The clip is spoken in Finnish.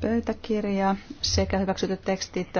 Pöytäkirja sekä hyväksytyt tekstit